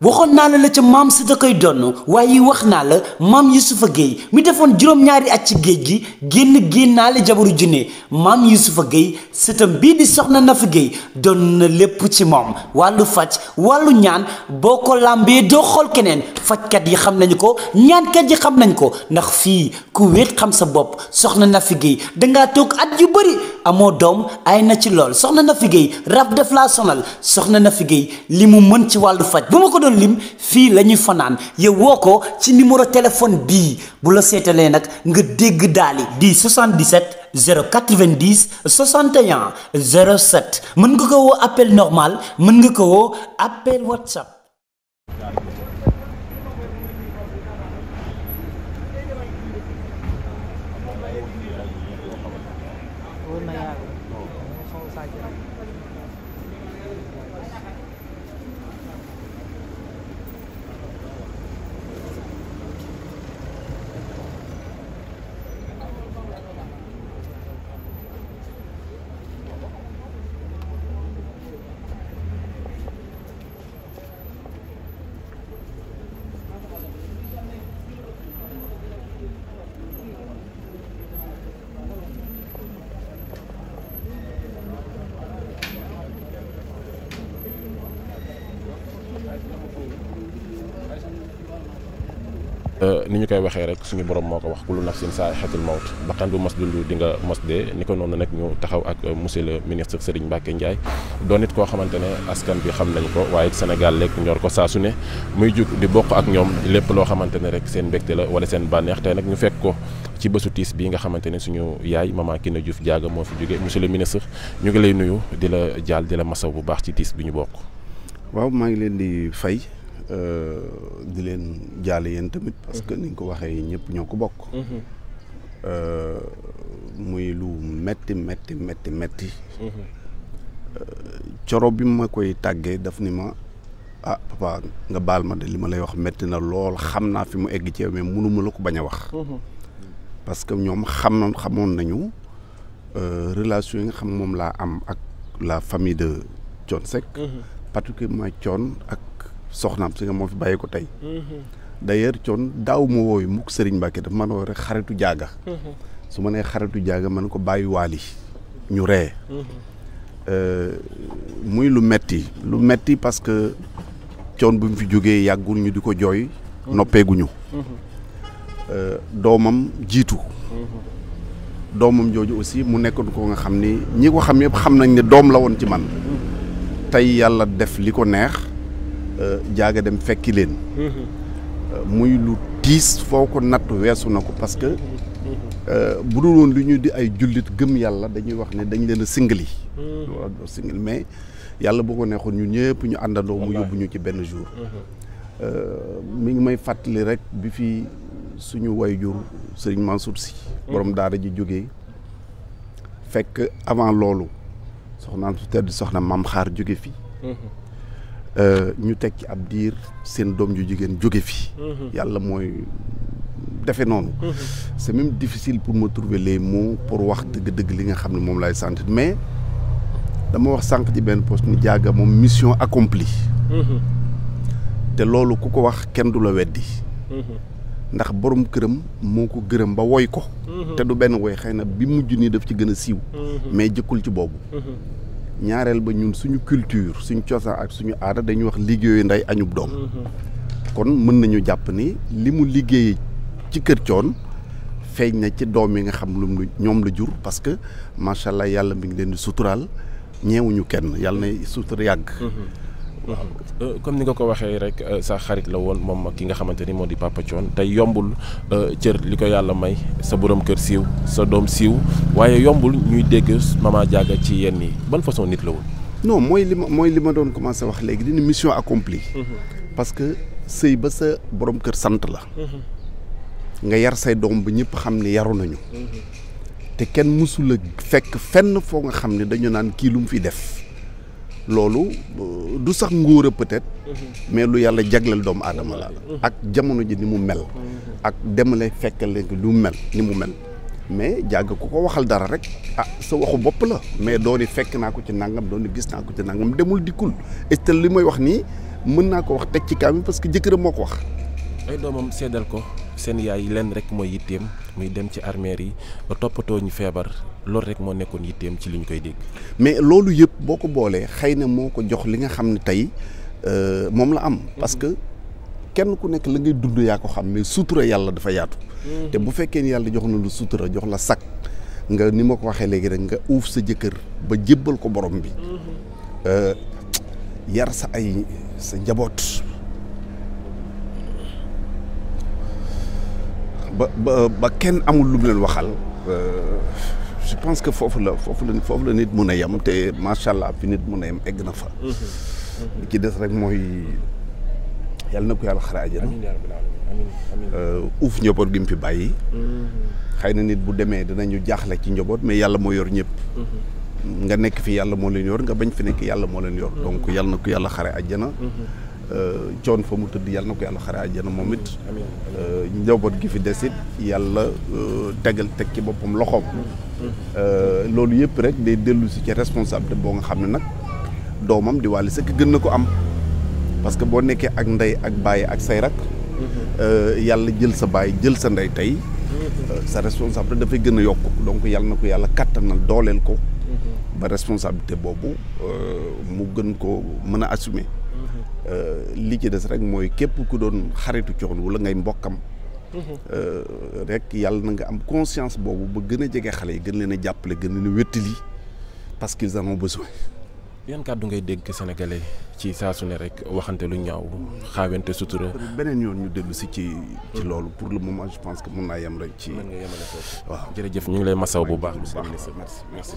waxoon naa la la ca maam si da koy donn waaye wax naa la maam a géey mi defoon juróom-ñaari at ci géej gi génn génnaale jabaru junne maam a Gueye sëtam bii di soxna Nafi géey doon na lépp ci moom wàllu faj wàllu ñaan boo ko làmbee doo xool keneen fajkat yi xam nañu ko ñaankat yi xam nañ ko ndax fii ku wéet xam sa bopp soxna Nafi Guèye dangaa toog at yu bëri amoo doom ay na ci lool soxna Nafi rab def laa sonal soxna Nafi Guèye li mu mën ci wàllu faj bu ma ko doon lim fii la ñuy fanaan yow woo ko ci numéro téléphone bii bu la seetalee nag nga dégg daali di 77 090 61 07 mën nga ko woo appel normal mën nga ko woo appel whatsapp Euh, ni ñu koy waxee rek suñu borom moo ko wax ku lu kullu nafsin saaixatul mawt bakkan bu mas dund di nga mas dee ni ko noonu nag ñu taxaw ak euh, monsieur le ministre Serigne Mbacke Ndiaye doon it koo xamante ne askan bi xam nañ ko waaye Sénégal lekk ñor ko saa su ne muy jug di bokk ak ñoom lépp loo xamante ne rek seen mbégte la wala seen bànneex tey nag ñu fekk ko ci bésu tiis bii nga xamante ne suñu yaay maman Kine Diouf Diaga moo fi jóge monsieur le ministre ñu ngi lay nuyu di la jaal di la masaw bu baax ci tiis bi ñu bokk waaw maa ngi leen di fay Euh, di leen jàll yéen tamit parce que ni nga ko waxee ñëpp ñoo ko bokk mhm. euh, muy lu metti metti metti metti mhm. euh, coro bi ma koy tàggee daf ni ma ah papa nga baal ma de li ma lay wax metti na lool xam naa fi mu egg ci yow mais la ko bañ a wax mhm. parce que ñoom xam xamoon nañu relation yi nga xam moom laa am ak la famille de Thione Seck particulièrement ak soxnaam si nga moo fi bàyyi ko tey mhm. d'ailleurs coon daaw ma woy mukk sëriñ Mbàkke daf man woo rek xaritu jaaga mhm. su ma nee xaritu jaaga man ko bàyyi waali ñu ree mhm. euh, muy lu metti lu metti parce que coon bu mu fi jógee yàggul ñu di ko jooy noppeeguñu euh, doomam jiitu doomam jooju aussi mu nekkoon ko nga xam ni ñi ko xam yëpp xam nañ ne doom la woon ci man tey yàlla def li ko neex jaaga euh, dem fekki leen euh, muy lu tiis foo ko natt weesu na ko parce que euh, bu dul woon lu ñu di ay jullit gëm yàlla dañuy wax ne dañ leen singli hmm. mais yàlla boo ko neexoon ñun ñëpp ñu àndandoo mu yóbbu ñu ci benn jour hmm. mi ngi may fàttali rek bi fi suñu wayjur sëriñ Mansour si hmm. borom daara ji jóge fekk avant loolu soxnaan su tedd soxna maam xaar jóge fi Euh, ñu teg ci ab diir seen doom ju jigéen jóge fi. Mhm. yàlla mooy defe noonu. Mhm. c'est même difficile pour ma trouver les mots pour wax dëgg-dëgg li nga xam ne moom laay sentir mais dama wax sànq ci benn poste ni jaaga moom mission accomplie. Mhm. te loolu ku ko wax kenn du la weddi. ndax boroom këram moo ko gërëm ba woy ko. te du benn woy xëy na bi mujj nii daf ci gën a siiw. mais jëkkul ci boobu. ñaareel ba ñun suñu culture suñu cosaan ak suñu aada dañuy wax liggéeyu ndey añub doom mm-hmm. kon mën nañu jàpp ni li mu liggéey ci kër coon feeñ na ci doom yi nga xam lu ñoom la jur parce que macha allah yàlla mi leen di suturaal ñeewuñu kenn yàlla na sutura yàgg mm-hmm. Euh, comme ni nga ko waxee rek euh, sa xarit la woon moom ki nga xamante ni moo di Papa Thione tey yombul euh, cër li ko yàlla may sa boroom kër siiw sa doom siiw waaye yombul ñuy dégg Mama Diaga ci yenn yi ban façon nit la woon. non mooy li ma mooy li ma doon commencé wax léegi dina mission accomplie mhm. parce que sëy ba sa boroom kër sant la. Mhm. nga yar say doom ba ñëpp xam ni yaru nañu. Mhm. te kenn mësula fekk fenn foo nga xam ne dañu naan kii lu mu fi def. loolu euh, du sax nguur peut-être mhm. mais lu yàlla jagleel doomu aadama la mhm. ak jamono ji ni mu mel mhm. ak demale fekkal leen lu mu mel ni mu mel mais jàgg ko ko waxal dara rek ah sa waxu bopp la mais dooni fekk naa ko ci nangam dooni gis naa ko ci nangam demul dikkul et li may wax nii mën naa ko wax teg ci kaam parce que jëkkëram moo ko wax ay doomam seddal ko seen yaay leen rek mooy yitteem muy dem ci armeer yi ba toppatoo ñu feebar loolu rek moo nekkoon yitteem ci li ñu koy dégg. mais loolu yëpp boo ko boolee xëy na moo ko jox li nga xam ne tey euh, moom la am. parce que kenn ku nekk la ngay dund yaa ko xam mais sutura yàlla dafa yaatu. Mm. te bu fekkee ni yàlla jox na lu sutura jox la sakk nga ni ma ko waxee léegi rek nga uuf sa jëkkër ba jébbal ko borom bi. Mm-hmm. Euh, yar sa ay sa njaboot. ba ba ba kenn amul lu mu leen waxal euh, je pense que foofu la foofu la foofu la nit mu a yem te macha allah fi nit mu a yem egg na fa. Mhm. Mhm. li ci des rek mooy yàlla na ko yàlla xare àjjana. Euh, uuf njaboot gi mu fi bàyyi. Mhm. xëy na nit bu demee ñu jaaxle ci njaboot mais yàlla moo yor ñëpp. nga nekk fi yàlla moo leen yor nga bañ fi nekk yàlla moo leen yor. donc yàlla na ko yàlla xare àjjana. Euh, coon fa mu tëdd yàlla na ko yàlla xare àjjana moom it euh, njaboot gi fi des it yàlla euh, tegal teg ci boppam loxoom loolu yëpp rek day dellu si ci responsabilité boo nga xam ne nag doomam di wàlli sëkk gën na ko am parce que boo nekkee ak ndey ak baay ak say rak mhm. yàlla jël sa baay jël sa ndey tey mhm. sa responsabilité dafay gën a yokk donc yàlla na ko yàlla kattanal dooleel ko mhm. ba responsabilité boobu mu gën ko mën a assume Euh, li ci des rek mooy képp ku doon xaritu coon wala ngay mbokkam euh, rek yàlla na nga am conscience boobu ba gën a jege xale yi gën leen jàppale gën leen a wéttali parce qu'ils en ont besoin yan kàddu ngay dégg sénégalais ci saa su ne rek waxante lu ñaaw xaawente sutura beneen yoon ñu dellu si ci ci loolu pour le moment je pense que mun naa yem rek ci waaw jërëjëf ñu ngi lay masaw bu baax monsieur le ministre merci